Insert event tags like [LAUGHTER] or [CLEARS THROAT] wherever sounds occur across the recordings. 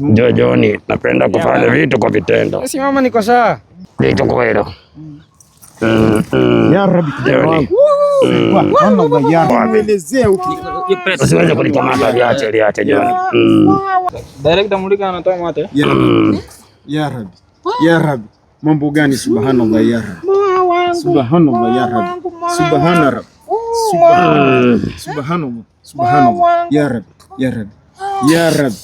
Njoo napenda kufanya vitu kwa vitendo. Simama, niko sawa. Vitu kwa hilo. Usiweze kunikamata, liache, liache Joni. Mm. Direkta Mulika anatoa mate. Mm. Ya Rabbi, ya Rabbi, mambo gani? Subhanallah ya Rabbi, subhanallah ya Rabbi, subhana mm. subhanallah, subhanallah ya Rabbi, ya Rabbi, ya Rabbi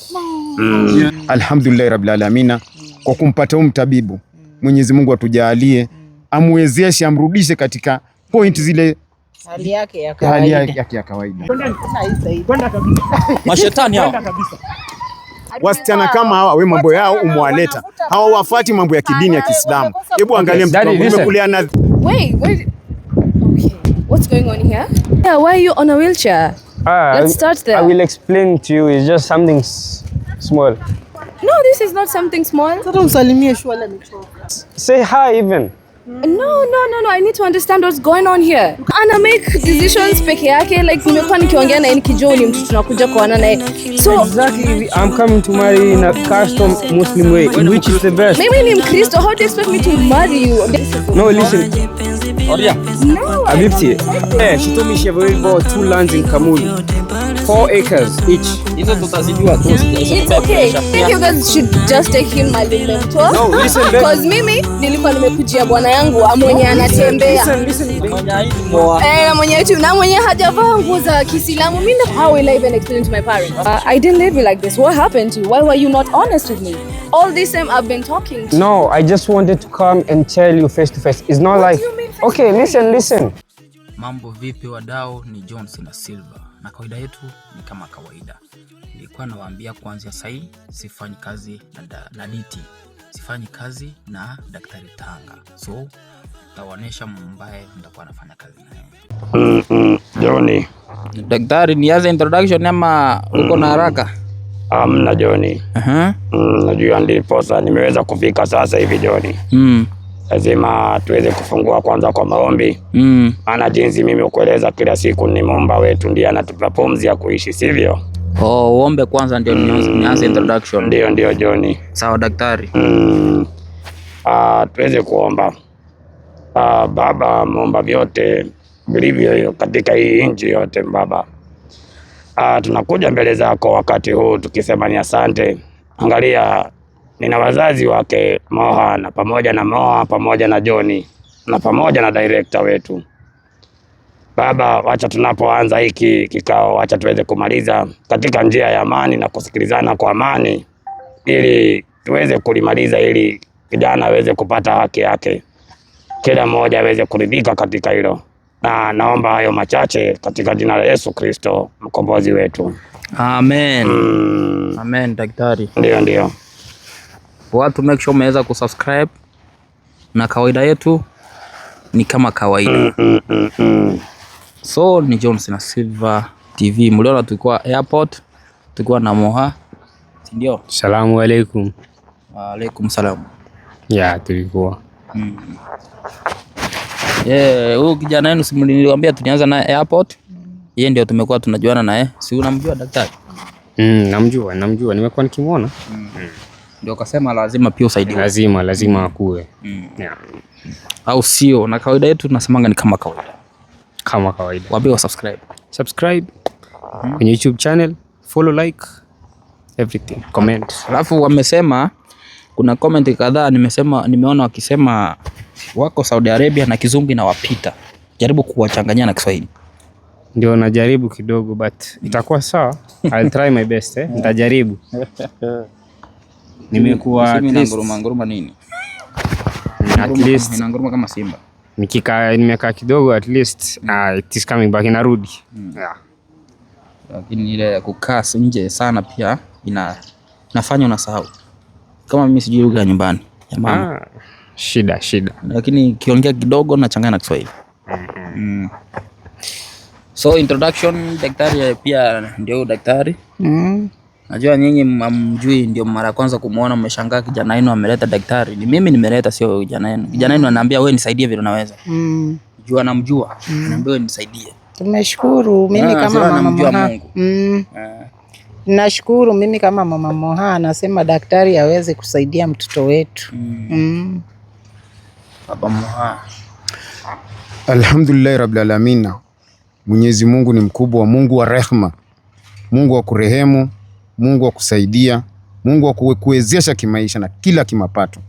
mm. Alhamdulillahi rabbil alamina kwa kumpata huyu mtabibu. Mwenyezi Mungu atujaalie, amwezeshe, amrudishe katika point zile hali yake ya kawaida. Mashetani hao wasichana kama hawa, we mambo yao umewaleta, wafati mambo ya kidini ya Kiislamu. Hebu angalia ah, something Small. No, this is not something small. Say hi even. No, no, no, no. I need to understand what's going on here. Ana make decisions peke yake like nimekuwa nikiongea naye nikijua ni mtu tunakuja kuona naye. So exactly I'm coming to marry in a custom Muslim way which is the best. Mimi ni Mkristo. How do you expect me to marry you? No, listen. Oria. Oh, no. Abipti. Eh, she told me she have already bought two lands in Kamuli. Four acres each. Hizo tutazijua tu. It's okay. I think you guys should just take him my little tour. No, listen. Because mimi nilikuwa nimekujia bwana yangu amwenye anatembea eh, na mwenye na mwenye hajavaa nguo za Kiislamu. Mimi how will I even explain to my parents? Uh, I didn't live like this. What happened to you? Why were you not honest with me? All this time I've been talking. to No, I just wanted to come and tell you face to face. It's not What like Okay, listen, listen. Mambo vipi wadao, ni Jones na Silva na kawaida yetu ni kama kawaida, nilikuwa nawaambia kuanzia hii sifanyi kazi na, na Diti sifanyi kazi na Daktari Tanga, so tawaonesha mbaye mtakuwa nafanya kazi naye. Mm-hmm. Joni daktari, nianze introduction ama uko na mm-hmm. haraka? Amna Joni. Mm, najua ndiposa nimeweza kufika sasa hivi Joni. Mm. Lazima tuweze kufungua kwanza kwa maombi mm. maana, mm. jinsi mimi ukueleza, kila siku ni muumba wetu ndiye anatupa pumzi ya kuishi, sivyo? Oh, uombe kwanza ndio mm. nianze introduction. Ndio, ndio Johnny. Sawa daktari. Mm. Ah, tuweze kuomba. Ah, Baba muomba vyote vilivyo katika hii nchi yote Baba. Ah, tunakuja mbele zako wakati huu tukisema ni asante. Angalia nina wazazi wake Moha na pamoja na Moha pamoja na Johnny na pamoja na director wetu Baba, wacha tunapoanza hiki kikao, wacha tuweze kumaliza katika njia ya amani na kusikilizana kwa amani, ili tuweze kulimaliza, ili kijana aweze kupata haki yake, kila mmoja aweze kuridhika katika hilo, na naomba hayo machache katika jina la Yesu Kristo mkombozi wetu, amen. Mm. Amen daktari, ndio ndio watu, make sure umeweza kusubscribe na kawaida yetu ni kama kawaida. mm, mm, mm, mm. So ni Jones na Silver TV. Mliona tulikuwa airport, tulikuwa na Moha, ndio? Salamu alaikum. Wa alaikum salamu. Ya yeah, tulikuwa mm. Yeah, huyu kijana wenu simliniambia tulianza na airport. Yeye ndio tumekuwa tunajuana naye. Si unamjua daktari? Mm, namjua, namjua. Nimekuwa nikimuona. Mm. Ndio kasema lazima pia usaidie. Lazima, lazima akue. Mm. Yeah. Au sio? Na kawaida yetu tunasemanga ni kama kawaida kama kawaida. Waambie wa subscribe. Subscribe hmm. kwenye YouTube channel, follow, like everything, comment. Alafu wamesema kuna comment kadhaa nimesema nimeona wakisema wako Saudi Arabia na kizungu inawapita. Jaribu kuwachanganyia na Kiswahili. Ndio najaribu kidogo but itakuwa sawa. I'll try my best eh. Nitajaribu. Nimekuwa at least nguruma nini? At least nguruma kama simba nikikaa nimekaa kidogo at least mm. uh, it is coming back inarudi mm. yeah. Lakini ile kukaa nje sana pia ina nafanya unasahau, kama mimi sijui lugha ya nyumbani ya mama ah, shida shida, lakini kiongea kidogo nachanganya na Kiswahili mm -hmm. mm. So introduction daktari pia ndio daktari mm. Najua nyinyi hamjui, ndio mara kwanza kumuona, mmeshangaa kijana wenu ameleta daktari. Ni mimi nimeleta, sio kijana wenu. Kijana wenu anaambia wewe nisaidie vile unaweza. Mm. Jua namjua, mm. Anaambia wewe nisaidie. Tumeshukuru mimi ah, kama mama Moha. Mungu. Mm. Eh. Nashukuru mimi kama mama Moha anasema daktari aweze kusaidia mtoto wetu. Mm. Mm. Baba Moha. Alhamdulillah rabbil alamin. Mwenyezi Mungu ni mkubwa, Mungu wa rehma, Mungu wa kurehemu Mungu akusaidia, Mungu akuwezesha kimaisha na kila kimapato.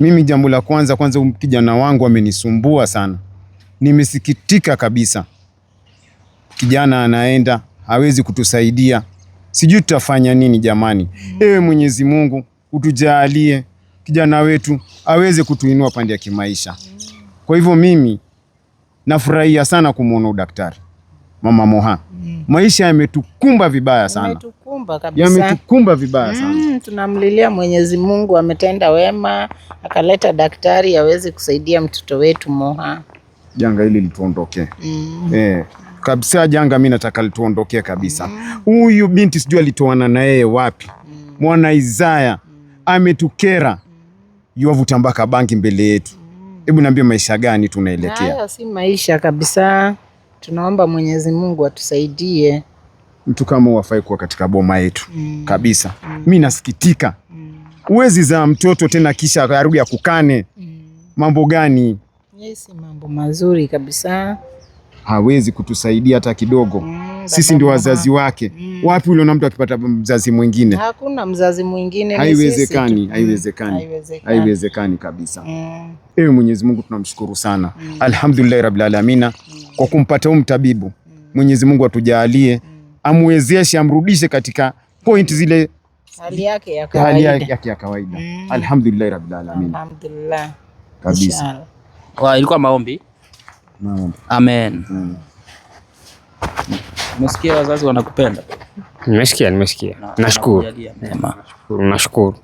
Mimi jambo la kwanza kwanza, kijana wangu amenisumbua sana, nimesikitika kabisa. Kijana anaenda hawezi kutusaidia, sijui tutafanya nini jamani. Mm. Ewe Mwenyezi Mungu utujaalie kijana wetu aweze kutuinua pande ya kimaisha. Mm. Kwa hivyo mimi nafurahia sana kumwona daktari Mama Moha mm. Maisha yametukumba vibaya sana, yametukumba vibaya mm, vibaya sana Tunamlilia Mwenyezi Mungu, ametenda wema akaleta daktari aweze kusaidia mtoto wetu Moha. Janga hili lituondokee mm. eh, kabisa janga, mi nataka lituondokee kabisa. Mm. Huyu mm. binti sijui alitoana na yeye wapi mm. mwana Isaya mm. ametukera mm. yuwavuta mpaka bangi mbele yetu. Mm. Hebu niambie maisha gani tunaelekea? Haya si maisha kabisa. Tunaomba Mwenyezi Mungu atusaidie. Mtu kama wafai kuwa katika boma yetu mm. kabisa mm. Mi nasikitika mm. uwezi za mtoto tena kisha arudi akukane mm. mambo gani? Yes, mambo mazuri kabisa. Hawezi kutusaidia hata kidogo mm, sisi ndio wazazi wake mm. Wapi uliona mtu akipata mzazi mwingine? Hakuna mzazi mwingine, haiwezekani, mm, haiwezekani, haiwezekani kabisa mm. Ewe Mwenyezi Mungu tunamshukuru sana mm. Alhamdulillahi rabbil alamina mm kwa kumpata huyu mtabibu. Mwenyezi Mungu atujalie, amwezeshe, amrudishe katika point zile hali yake ya kawaida, hali yake ya kawaida. Mm. Alhamdulillah rabbil alamin, alhamdulillah kabisa. Wa ilikuwa maombi. Naam, amen. Umesikia mm. wazazi wanakupenda? Nimesikia, nimesikia. Nashukuru, nashukuru.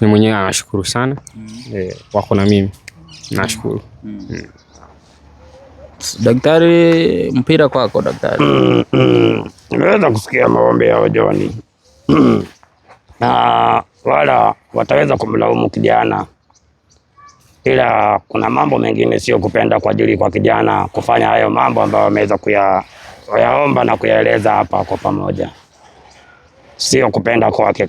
Mimi mwenyewe nashukuru sana, Mm. Eh, wako na mimi, mm. nashukuru. Mm. Mm. Daktari, mpira kwako daktari. mm, mm. kusikia maombi ya Joni [CLEARS THROAT] na wala wataweza kumlaumu kijana, ila kuna mambo mengine sio kupenda kwa ajili kwa kijana kufanya hayo mambo ambayo wameweza kuyaomba na kuyaeleza hapa kwa pamoja, sio kupenda kwake.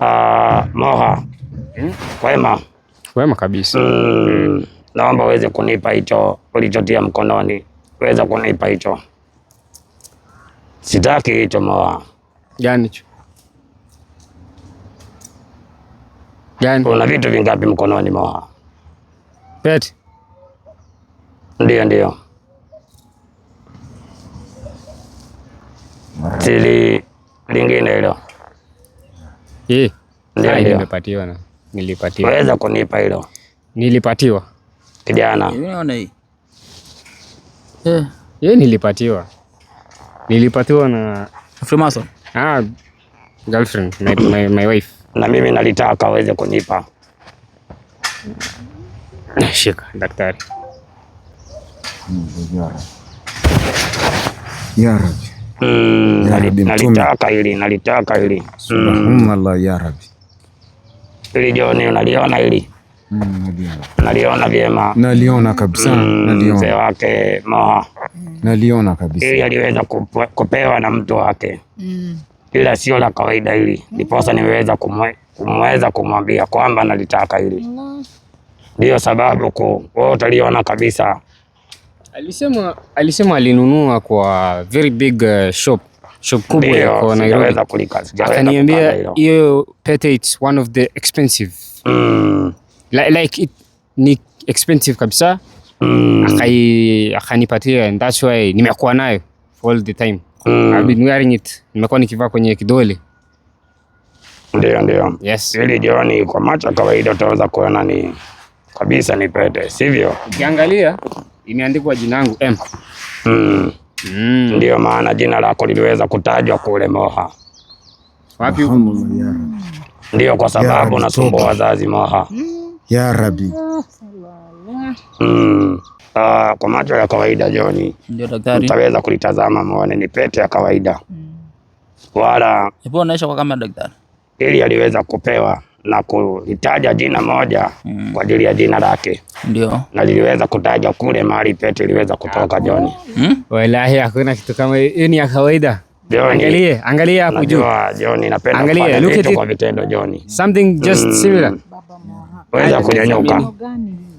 Ah, Moha, hmm? kwema, kwema kabisa mm. Hmm naomba uweze kunipa hicho ulichotia mkononi, uweze kunipa hicho. Sitaki hicho moa Gani hicho? Gani? Una vitu vingapi mkononi Moha? Pete. Ndio, ndio. Sili lingine hilo. Eh. Ndio, nimepatiwa na nilipatiwa. Waweza kunipa hilo. Nilipatiwa kijana. Unaona hii? Eh, yeye nilipatiwa nilipatiwa na Freemason. Ah, girlfriend, my, my, my wife. Na mimi nalitaka aweze kunipa. Shika daktari. Mm, ya Rabbi. Mm, nalitaka hili, nalitaka hili. Subhanallah ya Rabbi. Hili jioni unaliona hili naliona vyema, naliona kabisa mm, mzee wake Moha, naliona kabisa ili aliweza kupewa na mtu wake mm. ila sio la kawaida hili niposa, Ndiposa niweza kumwe, kumweza kumwambia kwamba nalitaka hili ndiyo mm. sababu ku utaliona kabisa. Alisema alisema alinunua kwa very big uh, shop shop kubwa ya kwa Nairobi, akaniambia hiyo pete it's one of the expensive mm like it ni expensive kabisa mm. Akai akanipatia, that's why nimekuwa nayo for all the time mm. I've been wearing it, nimekuwa nikivaa kwenye kidole. Ndio, ndio. Yes. Ili jioni kwa macho kawaida utaweza kuona ni kabisa ni pete, sivyo? Ukiangalia imeandikwa jina langu M. Mm. Mm. Ndio maana jina lako liliweza kutajwa kule Moha. Wapi huko? Ndio kwa sababu yeah, nasumbua wazazi Moha. Mm. Ya Rabbi. Mm. Ah, kwa macho ya kawaida Joni, ndio daktari, mtaweza kulitazama muone ni pete ya kawaida mm. wala naisha kwa kama daktari, ili aliweza kupewa na kuhitaja jina moja mm. kwa ajili ya jina lake ndio, na liliweza kutaja kule mahali pete iliweza kutoka Joni. hmm? Wallahi hakuna kitu kama hiyo, ni ya kawaida Johnny. Angalie, angalia hapo juu Joni, napenda at it kwa vitendo Joni. Something just mm. similar weza kunyanyuka,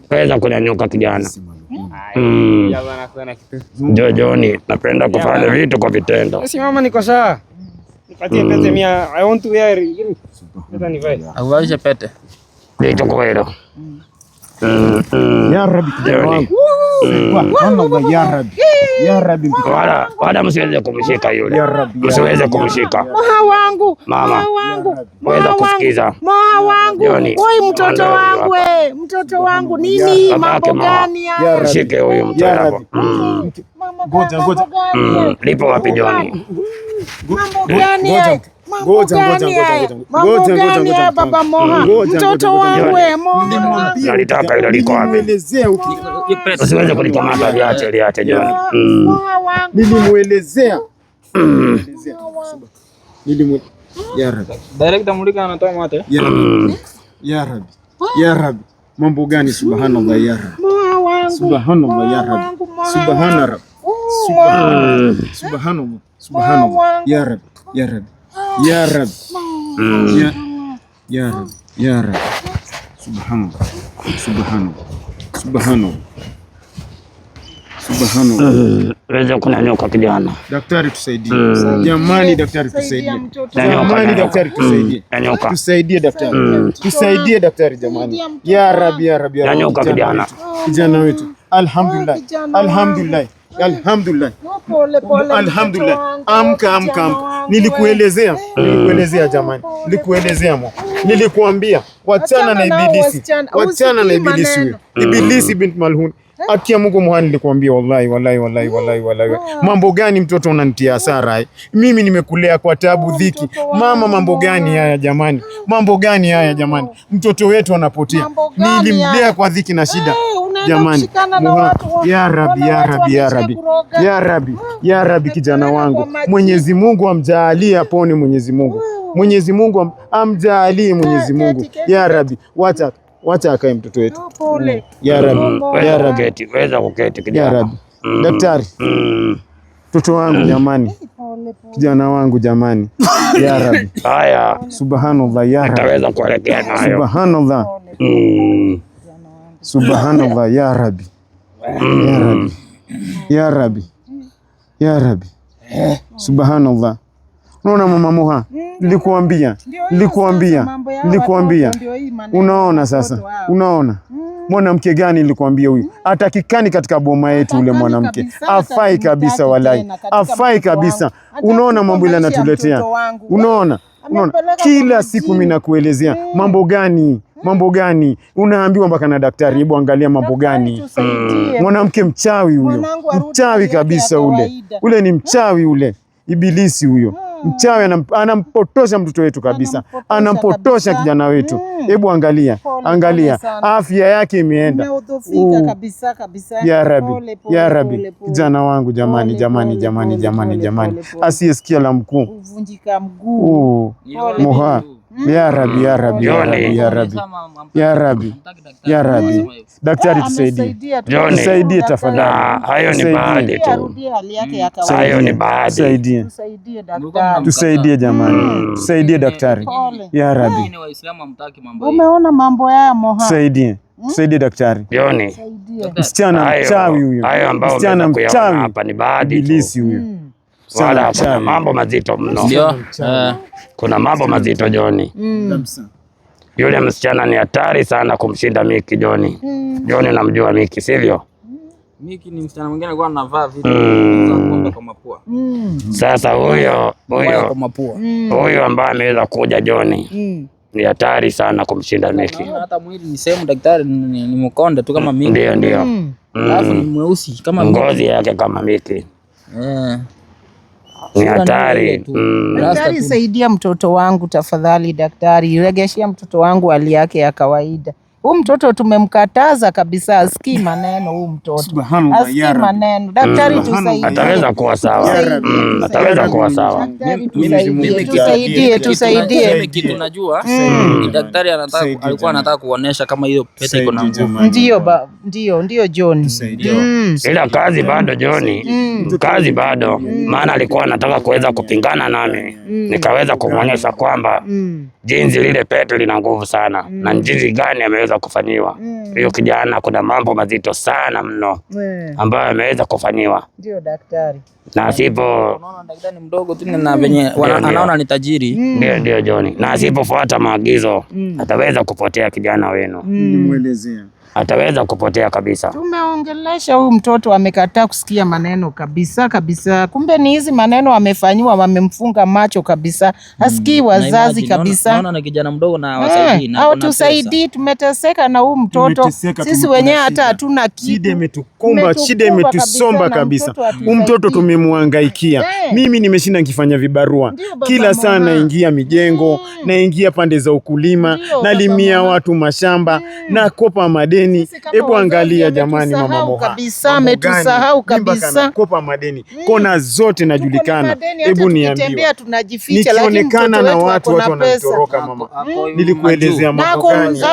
weza kunyanyuka kijana. Hmm. Hmm. Jojoni, napenda kufanya vitu kwa vitendo. Simama, niko sawa. Nipatie pete hmm. mia. I want to wear. Nipatie pete. Auaishe pete. Ndio hilo. Ya Rabbi, yaani. mm. wala msiweze kumshika yule, msiweze kumshika wangu mama wangu, weza kusikiza moa wangu, yaani, oi mtoto wangu, eh, mtoto wangu nini, mambo gani haya? Mshike huyu mtoto wako, mm. mm. lipo wapi Joni? Mambo gani? mtoto wangu usiweze kulikamata, liache liache, mm. nilimwelezea ya Rabbi, ya Rabbi, mambo gani? Subhanallah ya Rabbi, subhanallah ya Rabbi, subhanallah, subhanallah, subhanallah ya Rabbi, ya Rabbi ya Rab. Mm. Ya, ya Rab. Ya Rab. Subhanallah. Subhanallah. Subhanallah. Subhanallah. Weza mm. kunyanyuka kijana. Daktari tusaidie. Mm. Jamani daktari tusaidie. Jamani daktari tusaidie. Tusaidie daktari. Tusaidie daktari jamani. Ya Rab, ya Rab, ya Rab. Nyanyuka kijana. Kijana wetu. Oh, Alhamdulillah. Oh, Alhamdulillah. Alhamdulillah. Alhamdulillah. Amka, amka, amka. Nilikuelezea, eh. nilikuelezea jamani, nilikuelezea mwa, nilikuambia wachana na ibilisi, wachana na ibilisi ibilisi bint malhun. Eh? Akia Mungu muhani, nilikuambia wallahi, wallahi, wallahi, wallahi, wallahi. Mambo gani mtoto unanitia hasara? Eh? Mimi nimekulea kwa taabu dhiki, mama. Mambo gani haya jamani? Mambo gani haya jamani? Mtoto wetu anapotea, nilimlea kwa dhiki na shida jamani, ya rabi, ya rabi ya rabi ya rabi, ah, ya rabi, kijana wangu Mwenyezi Mungu amjaalie apone, Mwenyezi Mungu, ah. Mwenyezi Mungu amjaalie, Mwenyezi Mungu, ya rabi wacha wacha akae mtoto wetu, mm. ya rabi, mm. ya rabi, weza kuketi kijana, ya rabi, mm. daktari mtoto wangu jamani, eh, kijana wangu jamani, ya rabi, haya, subhanallah, ya rabi, ataweza kuelekea nayo, subhanallah. Subhanallah, ya Rabbi, ya Rabbi, ya Rabbi, ya Rabbi, subhanallah. Unaona mama Moha, nilikuambia nilikuambia nilikuambia. Unaona sasa, unaona mm. mwanamke gani nilikuambia huyu atakikani katika boma yetu. Ule mwanamke afai kabisa, walai afai kabisa. Unaona mambo ile anatuletea, unaona unaona, kila siku mimi nakuelezea mambo eh. gani mambo gani unaambiwa mpaka na daktari, hebu angalia mambo gani. Mm. Mwanamke mchawi huyo, mchawi kabisa ule ule, ni mchawi ule, ibilisi huyo mm. mchawi anampotosha mtoto wetu kabisa, anampotosha kijana wetu. Mm. Hebu angalia, angalia afya yake imeenda Ya rabi, ya rabi, kijana wangu jamani, jamani, jamani, jamani, jamani, asiyesikia la mkuu mguu ya Rabbi, ya mm. Rabbi, ya Rabbi, ya Rabbi, ya Rabbi, ya mm. Rabbi, hmm? daktari tusaidie, tusaidie tafadhali. Hayo ni baadhi tu, hayo ni baadhi. Tusaidie jamani, tusaidie daktari, ya Rabbi. Umeona mambo yaya Moha, tusaidie tusaidie daktari. Msichana mchawi huyo, msichana mchawi, ibilisi huyo hmm wala eh. kuna Mambo mazito mno, kuna mambo mazito Joni. Mm. Yule msichana ni hatari sana kumshinda Miki Joni. Mm. Joni, namjua Miki sivyo? Miki ni msichana mwingine alikuwa anavaa vitu mm. kwa mapua. Mm. Sasa huyo huyo kwa mapua. Mm. huyo ambaye ameweza kuja Joni mm. ni hatari sana kumshinda Miki. Hata mwili ni sehemu daktari ni mkonde tu kama Miki. Ndio ndio. Mm. Alafu ni mm. mweusi kama ngozi yake kama Miki. Yeah ni hatari. Mm. Daktari, saidia mtoto wangu tafadhali. Daktari, regeshia mtoto wangu hali yake ya kawaida. Huu mtoto tumemkataza kabisa, asikii maneno. Huu mtoto asikii maneno. Daktari, mm. tusaidie, ataweza kuwa sawa, mm, ataweza kuwa sawa. Tusaidie, tusaidie kitu. Najua mm. daktari alikuwa anataka kuonesha kama hiyo pete iko na nguvu. Ndio, ndio, ndio John, ila kazi bado John, kazi bado, maana alikuwa anataka kuweza kupingana nami, nikaweza kumwonyesha kwamba jinsi mm. lile pete lina nguvu sana mm. na jinsi gani ameweza kufanyiwa huyo mm. kijana, kuna mambo mazito sana mno mm. ambayo ameweza kufanyiwa, ndio daktari na sipo, anaona ni tajiri, mm. ndio ndio Joni, na asipofuata maagizo mm. ataweza kupotea kijana wenu mm ataweza kupotea kabisa. Tumeongelesha huyu mtoto amekataa kusikia maneno kabisa kabisa. Kumbe ni hizi maneno amefanyiwa, wamemfunga macho kabisa, asikii mm, wazazi kabisa. Naona kijana mdogo na wasaidii eh, na tusaidii, tumeteseka na huyu mtoto sisi wenyewe hata hatuna kitu. Shida imetukumba, shida imetusomba kabisa. Huyu mtoto tumemwangaikia. Eh. Mimi nimeshinda nikifanya vibarua kila saa, naingia mijengo, mm. naingia pande za ukulima, nalimia watu mashamba, mm. nakopa madeni madeni. Hebu angalia jamani, mama Moha kabisa ametusahau kabisa. Kopa madeni mm. kona zote najulikana, hebu niambie, nikionekana na watu watu wanatoroka mama. Mm. Nilikuelezea mambo gani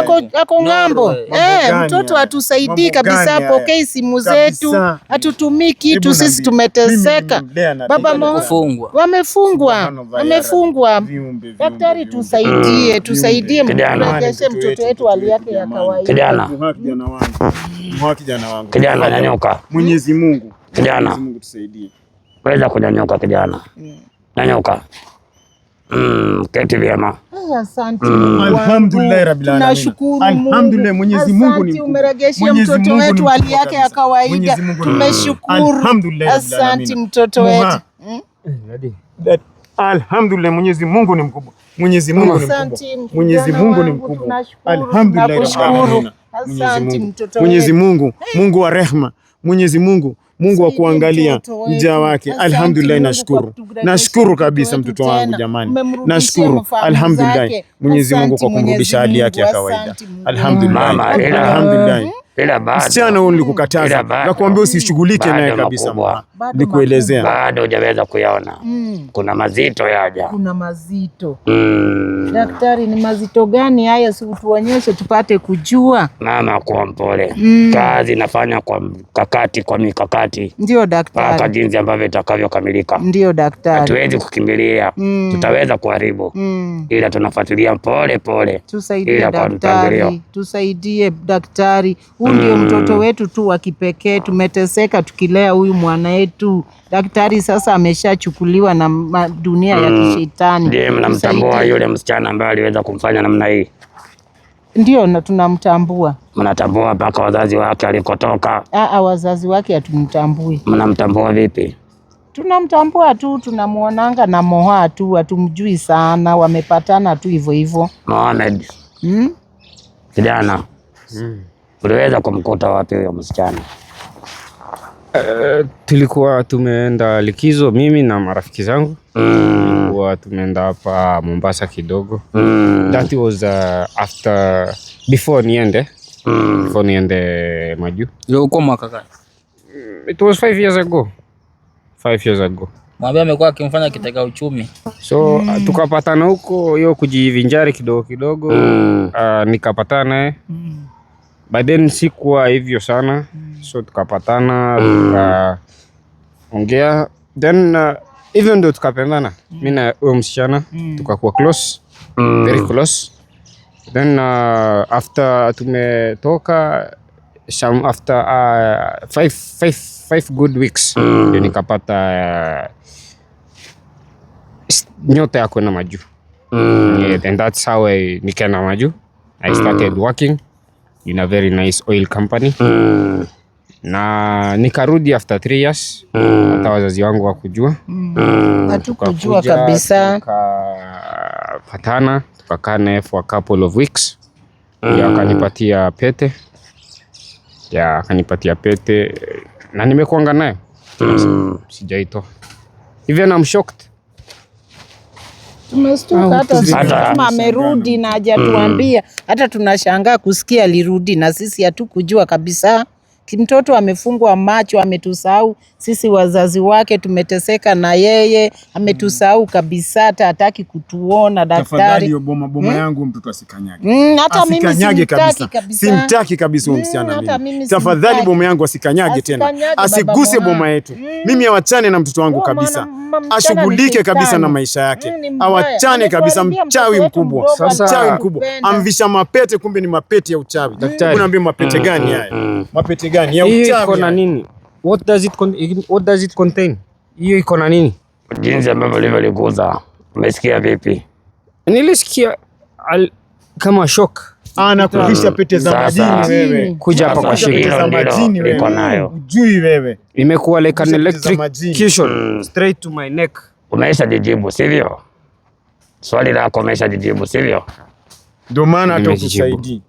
ako ngambo? Eh, mtoto atusaidii kabisa, apokee simu zetu, hatutumii kitu sisi, tumeteseka baba. Moha, Wamefungwa, wamefungwa. Daktari, tusaidie, tusaidie mrejeshe mtoto wetu hali yake ya kawaida kijana wangu. Mwa kijana wangu. Kijana nyanyuka. Mwenyezi Mungu. Kijana. Mwenyezi Mungu tusaidie. Weza kunyanyuka kijana. Nyanyuka. Mm, keti vyema. Mm. Alhamdulillah Rabbil Alamin. Nashukuru Mungu. Alhamdulillah Mwenyezi Mungu ni mkuu. Umeregesha mtoto wetu hali yake ya kawaida. Tumeshukuru. Alhamdulillah. rabbil alamin. Asante mtoto wetu. Hmm? Alhamdulillah Mwenyezi Mungu ni mkubwa. Mwenyezi Mungu ni mkubwa. Mwenyezi Mungu ni mkubwa. Alhamdulillah. rabbil alamin. Mwenyezi Mungu, Mwenyezi Mungu, Mungu wa rehma, Mwenyezi Mungu, Mungu wa kuangalia mja wake. Alhamdulillah, nashukuru, nashukuru kabisa mtoto wangu jamani, nashukuru alhamdulillah, Mwenyezi Mungu kwa kumrudisha hali yake ya kawaida. Alhamdulillah, alhamdulillah. Msichana huyu nilikukataza, nakwambia usishughulike naye kabisa mama kuelezea, bado hujaweza kuyaona. Mm. Kuna mazito yaja, kuna mazito mm. Daktari, ni mazito gani haya? Si utuonyeshe tupate kujua. Mama kuwa mpole mm. Kazi inafanya kwa mkakati, kwa mikakati, ndio daktari, mpaka jinsi ambavyo itakavyokamilika. Ndio daktari, hatuwezi kukimbilia mm. Tutaweza kuharibu mm. Ila tunafuatilia pole pole, tusaidie daktari, tusaidie daktari. Huu ndio mm. mtoto wetu tu wa kipekee, tumeteseka tukilea huyu mwana wetu. Daktari sasa ameshachukuliwa na dunia mm, ya kishetani. Ndiye mnamtambua yule msichana ambaye aliweza kumfanya namna hii? Ndio, na tunamtambua. Mnatambua mpaka wazazi wake alikotoka? Aa, wazazi wake hatumtambui. Mnamtambua vipi? Tunamtambua tu, tunamuonanga na moha tu, hatumjui sana, wamepatana tu hivyo hivyo. Mohamed, hmm? kijana mm? mm. uliweza kumkuta wapi huyo msichana? Eh, tulikuwa tumeenda likizo mimi na marafiki zangu mm. Tulikuwa tumeenda hapa Mombasa kidogo mm. That was uh, after before niende mm. Before niende maju. Ilikuwa mwaka gani? Mm, it was five years ago. Five years ago mwambia amekuwa akimfanya kitega uchumi, so mm. tukapatana huko hiyo kujivinjari kidogo kidogo mm. Uh, nikapatana mm. By then sikuwa hivyo sana mm so tukapatana mm. tukaongea then hivyo uh, ndo tukapendana mm. mi na huyo msichana mm. tukakuwa close mm. very close then uh, after tumetoka some after uh, five, five, five good weeks mm. ndio nikapata uh, nyota ya kwenda majuu mm. yeah, and that's how I nikaenda majuu I mm. started mm. working in a very nice oil company mm na nikarudi after three years mm. hata wazazi wangu wakujua mm. hatukujua kabisa, tukapatana tukakane for a couple of weeks mm. ya akanipatia pete ya akanipatia pete na nimekuanga nayo mm. hivyo na mshokt hata amerudi na mm. hajatuambia, hata tunashangaa kusikia alirudi, na sisi hatukujua kabisa mtoto amefungwa macho, ametusahau sisi wazazi wake, tumeteseka na yeye, ametusahau kabisa, hata hataki kutuona daktari. Tafadhali boma boma hmm? yangu mtoto asikanyage. hmm, hata mimi simtaki kabisa. Simtaki kabisa huyo hmm, msichana mimi. Tafadhali boma yangu asikanyage tena. Asiguse boma yetu. Hmm. Mimi awachane na mtoto wangu oh, kabisa. Ashughulike kabisa na maisha yake. Awachane kabisa, mchawi mkubwa. Mchawi mkubwa. Amvisha mapete kumbe ni mapete ya uchawi. Unaambia mapete mm, gani mm, haya? Mm. Mapete gani ya uchawi iko nini? What does it what does it contain? Hiyo iko na nini? Jinsi ambavyo limeliguza. Umesikia vipi? Nilisikia al, kama shock. Ah, kuvisha pete za majini wewe. Kuja hapa kwa shirika za majini wewe. Iko nayo. Ujui wewe. Imekuwa like an electric electrocution mm. straight to my neck. Umeisha jijibu sivyo? Swali lako umeisha jijibu sivyo? Ndio maana hata kusaidii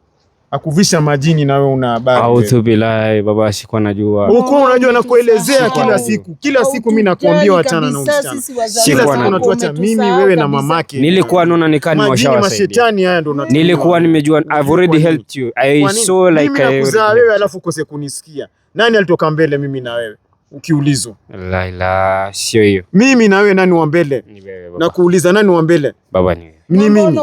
akuvisha majini na wewe una habari. Au tu bila baba sikuwa najua. Uko unajua na kuelezea kila siku. Kila siku mimi nakuambia wachana na msichana. Kila siku natuacha mimi wewe na mamake. Nilikuwa naona ni kani washawasaidia. sasa. mashetani haya ndio unataka. Nilikuwa nimejua I've already helped you. I saw like I was. nakuzaa wewe alafu ukose kunisikia. Nani alitoka mbele mimi na wewe? Ukiulizwa. La la, sio hiyo. Mimi na wewe nani wa mbele? Na kuuliza nani wa mbele? Baba ni. Ni mimi.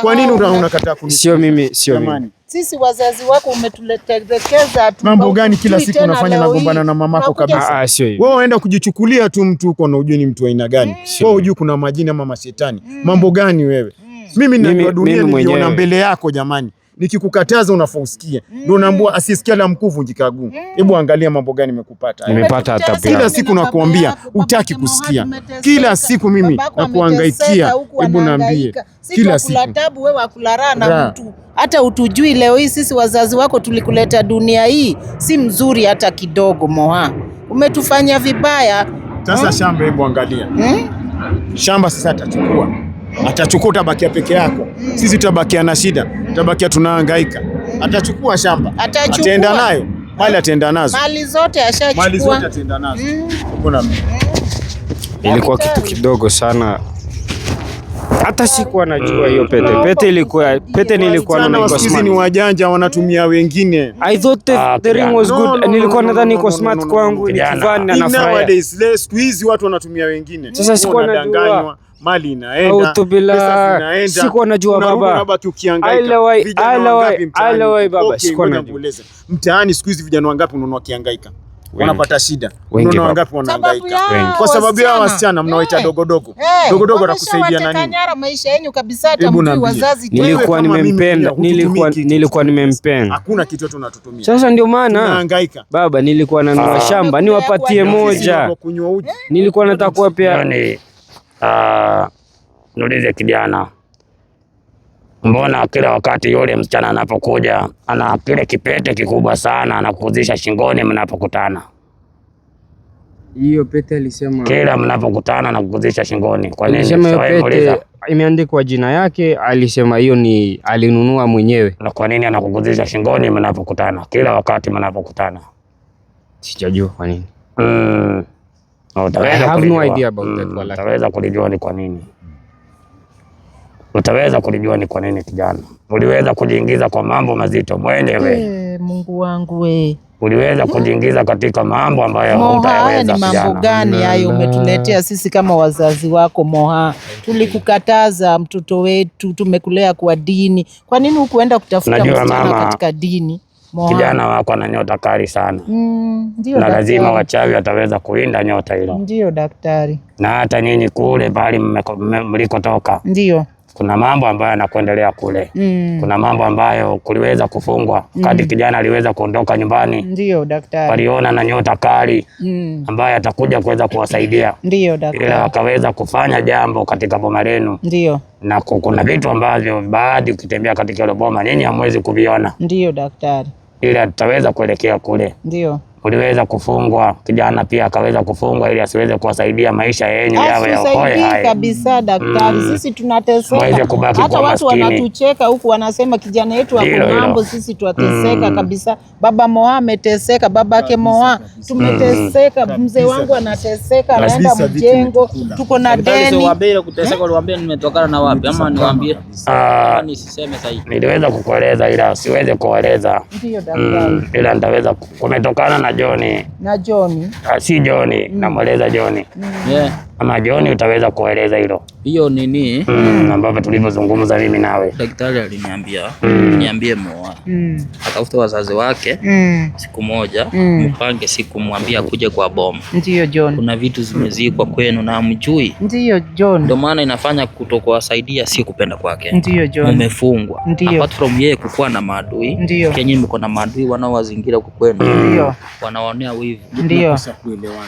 Kwa nini unakataa kunisikia? Sio mimi, sio mimi. Sisi wazazi wako umetutelekeza tu. Mambo gani kila siku unafanya nagombana na mamako kabisa. Ah, ah, sio Wewe unaenda kujichukulia tu mtu uko na ujui ni mtu aina gani. Eh. Wewe ujui kuna majini ama mashetani. Mm. Mambo gani wewe? Mm. Mimi na dunia niliona mbele yako jamani nikikukataza unafaa usikie. Ndio mm. naambua asisikia la mkuvu vunjika mm. Hebu angalia mambo gani nimekupata. Nimepata hata kila siku nakuambia utaki kusikia. Kila siku mimi nakuhangaikia. Hebu naambie kila siku tabu wewe akularaa na mtu hata utujui. Leo hii sisi wazazi wako tulikuleta dunia hii, si mzuri hata kidogo. Moha, umetufanya vibaya sasa. Hmm? Shamba hebu angalia hmm? Shamba sasa atachukua atachukua, utabakia peke yako. Sisi tutabakia na shida, tutabakia tunahangaika. Atachukua shamba, atachukua, ataenda nayo mali, ataenda nazo mali zote, ashachukua mali zote, ataenda nazo. Mm. Kuna mm. Ilikuwa yaani kitu kidogo sana hata sikuwa najua hiyo pete pete ilikuwa pete, nilikuwa na iko sisi Ni wajanja wanatumia wengine. I thought the ah, the ring was good, nilikuwa nadhani iko smart kwangu, nikivaa na nafurahi. Nowadays siku hizi watu wanatumia wengine, sasa sikuwa najua mali inaenda, pesa zinaenda. Mtaani siku hizi vijana wangapi unaona wakihangaika? wanapata shida, unaona wangapi wanahangaika kwa sababu ya wasichana mnaoita eh. dogodogo eh. dogodogo. Atakusaidia nani? Nilikuwa nimempenda, nilikuwa nilikuwa nimempenda, hakuna kitu tunatutumia sasa. Ndio maana baba, nilikuwa nanua ah. shamba niwapatie moja, nilikuwa nataka kuwapea Ah, niulize kijana, mbona kila wakati yule msichana anapokuja ana kile kipete kikubwa sana anakuzisha shingoni mnapokutana? Hiyo pete alisema kila mnapokutana anakuzisha shingoni. Kwa nini? Alisema pete imeandikwa jina yake, alisema hiyo ni alinunua mwenyewe. Na kwa nini anakuguzisha shingoni mnapokutana, kila wakati mnapokutana? Sijajua kwa nini mm. Mm, utaweza kulijua ni kwa nini, utaweza kulijua ni kwa nini. Kijana, uliweza kujiingiza kwa mambo mazito mwenyewe. Eh, Mungu wangu we uliweza kujiingiza katika mambo ambayo Moha, ni mambo gani hayo umetuletea sisi kama wazazi wako Moha? Tulikukataza mtoto wetu, tumekulea kwa dini, kwa nini hukuenda kutafuta msichana katika dini? Mwana. Kijana wako ana nyota kali sana mm, na lazima wachawi wataweza kuinda nyota hilo. Ndio daktari. Na hata nyinyi kule bali mlikotoka ndio kuna mambo ambayo yanakuendelea kule mm. Kuna mambo ambayo kuliweza kufungwa wakati mm. kijana aliweza kuondoka nyumbani, ndio daktari waliona na nyota kali mm. ambayo atakuja kuweza kuwasaidia, ndio daktari, ila wakaweza kufanya jambo katika boma lenu, ndio na kuna vitu ambavyo baadhi ukitembea katika ile boma ninyi hamwezi kuviona, ndio daktari, ila tutaweza kuelekea kule, ndio uliweza kufungwa, kijana pia akaweza kufungwa ili asiweze kuwasaidia maisha yenyu ah, yawe yaokoe hai kabisa. Daktari, mm. sisi tunateseka, hata watu wanatucheka huku, wanasema kijana yetu ako mambo, sisi twateseka mm. kabisa. Baba Moa ameteseka, babake Moa tumeteseka, mzee wangu anateseka, anaenda mjengo, tuko na deni. Eh? Ah, yaani niliweza kukueleza ila siweze kueleza, mm, ila nitaweza kumetokana na Joni na Joni, ah, si Joni, mm. namweleza Joni. Mm. Yeah ama jioni utaweza kueleza hilo hiyo nini mm, ambavyo tulivyozungumza mimi nawe. Daktari aliniambia mm. niambie mm. atafute wazazi wake mm. siku moja mm. mpange siku mwambie akuje kwa boma. Ndio John, kuna vitu zimezikwa kwenu na hamjui. Ndio John, ndio maana inafanya kutokuwasaidia si kupenda kwake. Ndio John, umefungwa apart from yeye kukuwa na maadui. Ndio kenye mko na maadui wanaowazingira huko kwenu, ndio wanaonea wivu, ndio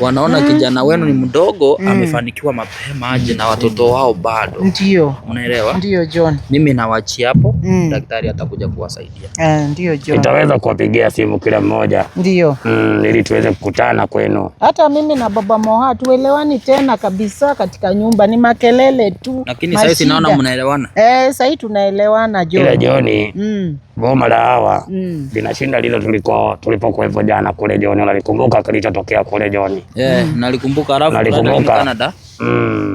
wanaona mm. kijana wenu ni mdogo mm. amefanya wamefanikiwa mapema aje na watoto mm. wao bado. Ndio. Unaelewa? Ndio John. Mimi nawachia hapo mm. Daktari atakuja kuwasaidia. Eh, ndio John. Itaweza kuwapigia simu kila mmoja. Ndio. Mm, ili tuweze kukutana kwenu. Hata mimi na baba Moha tuelewani tena kabisa katika nyumba ni makelele tu. Lakini sasa hivi naona mnaelewana. Eh, sasa hivi tunaelewana John. Ila John. Mm. Boma la hawa mm. linashinda lile tulikuwa tulipokuwa hivyo jana kule John. Nalikumbuka kilichotokea kule John. Eh, yeah, mm. nalikumbuka alafu nalikumbuka Canada mm.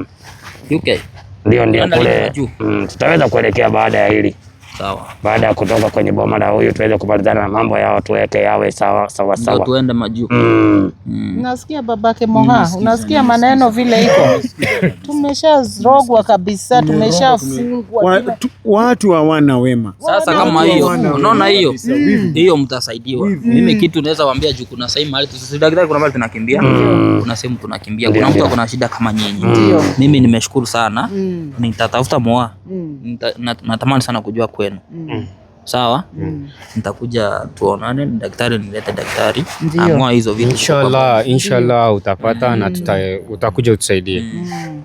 UK ndio ndio kule mm, tutaweza kuelekea baada ya hili Sawa. Baada ya kutoka kwenye boma la huyu tuweze kumalizana na mambo yao, tuweke yawe sawa sawa sawa, tuende majuu. mm. mm. Nasikia babake Moha, mm, unasikia maneno vile iko [LAUGHS] Tumeshazrogwa kabisa, tumeshafungwa watu hawana wema. Sasa kama hiyo unaona, hiyo mm. hiyo mtasaidiwa. Mimi mm. kitu naweza waambia juu, kuna sehemu mahali tusidakitari, kuna mahali tunakimbia, kuna sehemu tunakimbia, kuna mtu akona shida kama nyinyi. Mimi nimeshukuru sana, nitatafuta Moha, natamani sana kujua kwenu mm. mm. Sawa mm. mm. Nitakuja tuonane, daktari nilete daktari, amua hizo vitu. Mm. utapata mm. na tuta, utakuja utusaidie mm.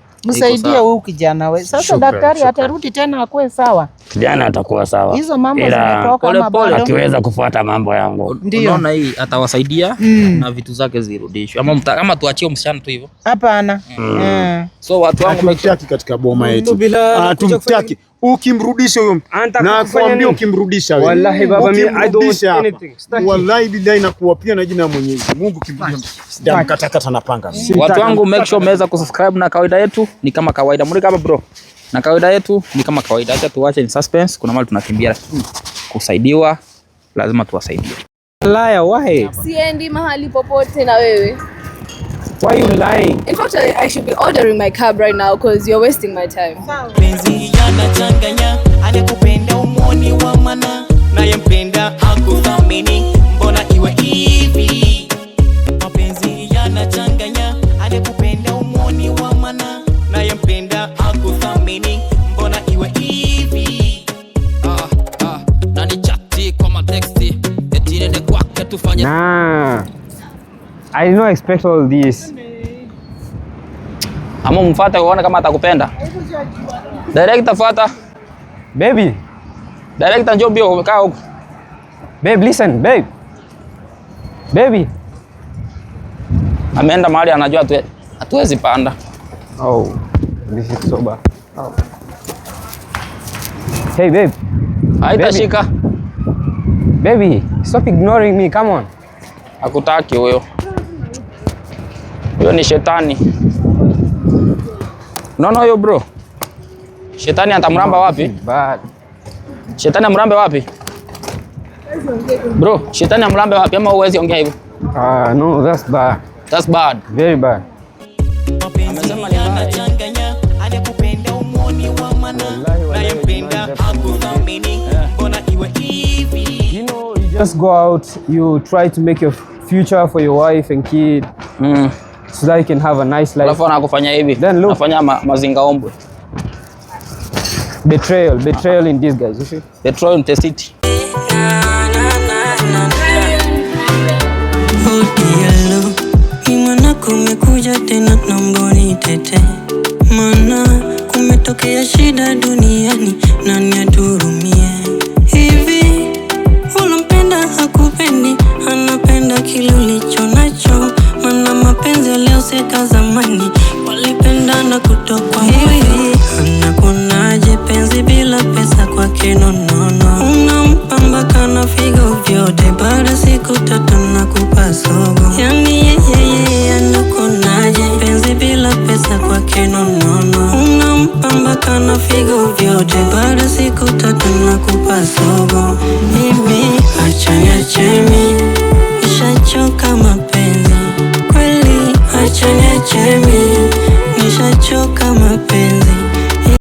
huyu kijana we. Sasa daktari atarudi tena akuwe sawa, kijana atakuwa sawa, hizo mambo zimetoka akiweza kufuata mambo yangu. Unaona hii atawasaidia mm. na vitu zake zirudishwe, ama ama tuachie msichana tu hivyo, hapana mm. mm. so watu wangu katika boma yetu tumtaki ukimrudisha huyo mtu na kuambia, ukimrudisha wewe, wallahi baba mimi I don't anything, wallahi billahi, na kuwapia na jina la Mwenyezi Mungu, kata kata na panga. Watu wangu, make sure mmeweza kusubscribe, na kawaida yetu ni kama kawaida, mure kama bro, na kawaida yetu ni kama kawaida, acha tuache in suspense. Kuna mali tunakimbia, lakini kusaidiwa lazima tuwasaidie. Laya wahe, siendi mahali popote na wewe Why are you lying? In fact, I, I should be ordering my cab right now because you're wasting my time. Ah, ah, nah. I did not expect all this. Ama mfuata uone kama atakupenda. Director fuata. Baby. Director njoo mbio umekaa huko. Babe listen, babe. Baby. Ameenda mahali anajua hatuwezi panda. Oh. This is so bad. Oh. Hey babe. Haitashika. Baby, stop ignoring me. Come on. Hakutaki huyo hiyo ni shetani. Unaona huyo bro, shetani atamramba wapi? Shetani amrambe wapi bro? Shetani amrambe wapi? Ama huwezi ongea hivyo? Ah, no, that's bad. That's bad. Very bad. just go out, you try to make your future for your wife and kid. Mm so that he can have a nice life. Alafu anakufanya hivi. Then look. Anafanya ma mazinga ombwe. Betrayal, betrayal in this guys, you see? Betrayal in the city. Kumekuja tena naomba unitetee, kumetokea shida duniani, nani aturumie? Hivi hakupendi, anapenda kile ulicho mapenzi leo seka zamani, walipendana kutokwa hivi. Anakunaje penzi bila pesa kwake? Nonono, unampamba kana figo vyote, baada siku tatu na kupasogo. Yani yeyeye, anakunaje penzi bila pesa kwake? Nonono, unampamba kana figo vyote, baada siku tatu na kupasogo you'll come up in